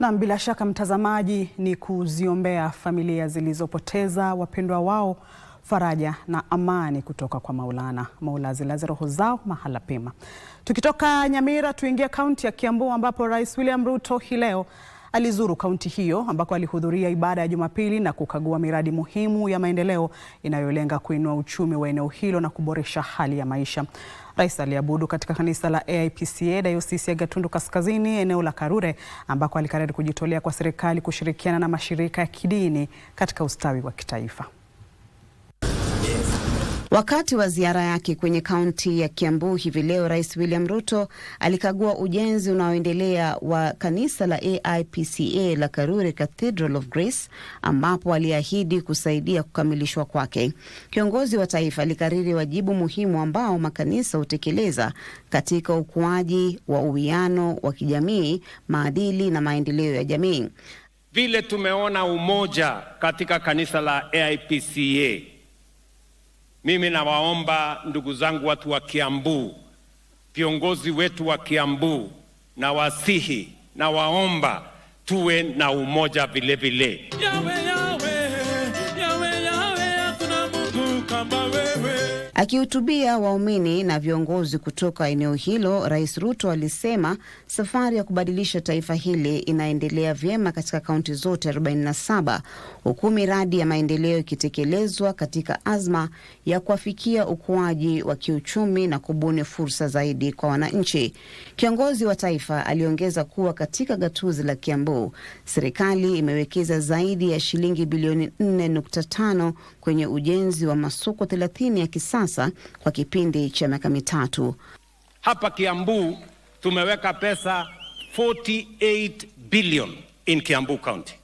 Na bila shaka mtazamaji, ni kuziombea familia zilizopoteza wapendwa wao faraja na amani kutoka kwa Maulana. Mola azilaze roho zao mahala pema. Tukitoka Nyamira tuingie kaunti ya Kiambu ambapo Rais William Ruto hii leo alizuru kaunti hiyo ambako alihudhuria ibada ya Jumapili na kukagua miradi muhimu ya maendeleo inayolenga kuinua uchumi wa eneo hilo na kuboresha hali ya maisha. Rais aliabudu katika kanisa la AIPCA dayosisi ya Gatundu Kaskazini eneo la Karure ambako alikariri kujitolea kwa serikali kushirikiana na mashirika ya kidini katika ustawi wa kitaifa. Wakati wa ziara yake kwenye kaunti ya Kiambu hivi leo, Rais William Ruto alikagua ujenzi unaoendelea wa kanisa la AIPCA la Karure Cathedral of Grace, ambapo aliahidi kusaidia kukamilishwa kwake. Kiongozi wa taifa alikariri wajibu muhimu ambao makanisa hutekeleza katika ukuaji wa uwiano wa kijamii, maadili na maendeleo ya jamii. Vile tumeona umoja katika kanisa la AIPCA mimi nawaomba ndugu zangu, watu wa Kiambu, viongozi wetu wa Kiambu, na wasihi na waomba tuwe na umoja vilevile. Akihutubia waumini na viongozi kutoka eneo hilo, Rais Ruto alisema safari ya kubadilisha taifa hili inaendelea vyema katika kaunti zote 47 huku miradi ya maendeleo ikitekelezwa katika azma ya kuafikia ukuaji wa kiuchumi na kubuni fursa zaidi kwa wananchi. Kiongozi wa taifa aliongeza kuwa katika gatuzi la Kiambu, serikali imewekeza zaidi ya shilingi bilioni 4.5 kwenye ujenzi wa masoko 30 ya kisasa sasa kwa kipindi cha miaka mitatu. Hapa Kiambu tumeweka pesa 48 billion in Kiambu County,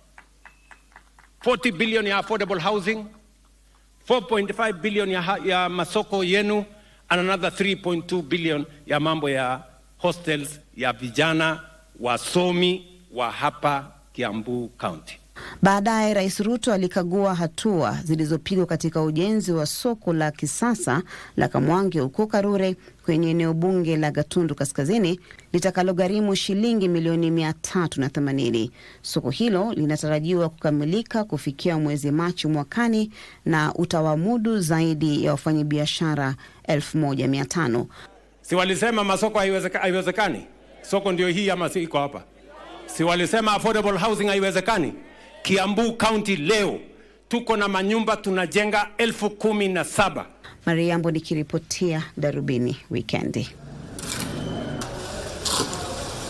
40 billion ya affordable housing, 4.5 billion ya, ya masoko yenu and another 3.2 billion ya mambo ya hostels ya vijana wasomi wa hapa Kiambu County. Baadaye Rais Ruto alikagua hatua zilizopigwa katika ujenzi wa soko la kisasa la Kamwange huko Karure kwenye eneo bunge la Gatundu Kaskazini litakalogharimu shilingi milioni mia tatu na themanini. Soko hilo linatarajiwa kukamilika kufikia mwezi Machi mwakani na utawamudu zaidi ya wafanyabiashara elfu moja mia tano. Si walisema masoko haiwezekani? Soko ndio hii ama si iko hapa? Si walisema affordable housing haiwezekani? Kiambu County leo tuko na manyumba tunajenga elfu kumi na saba. Mariambo nikiripotia Darubini Wikendi.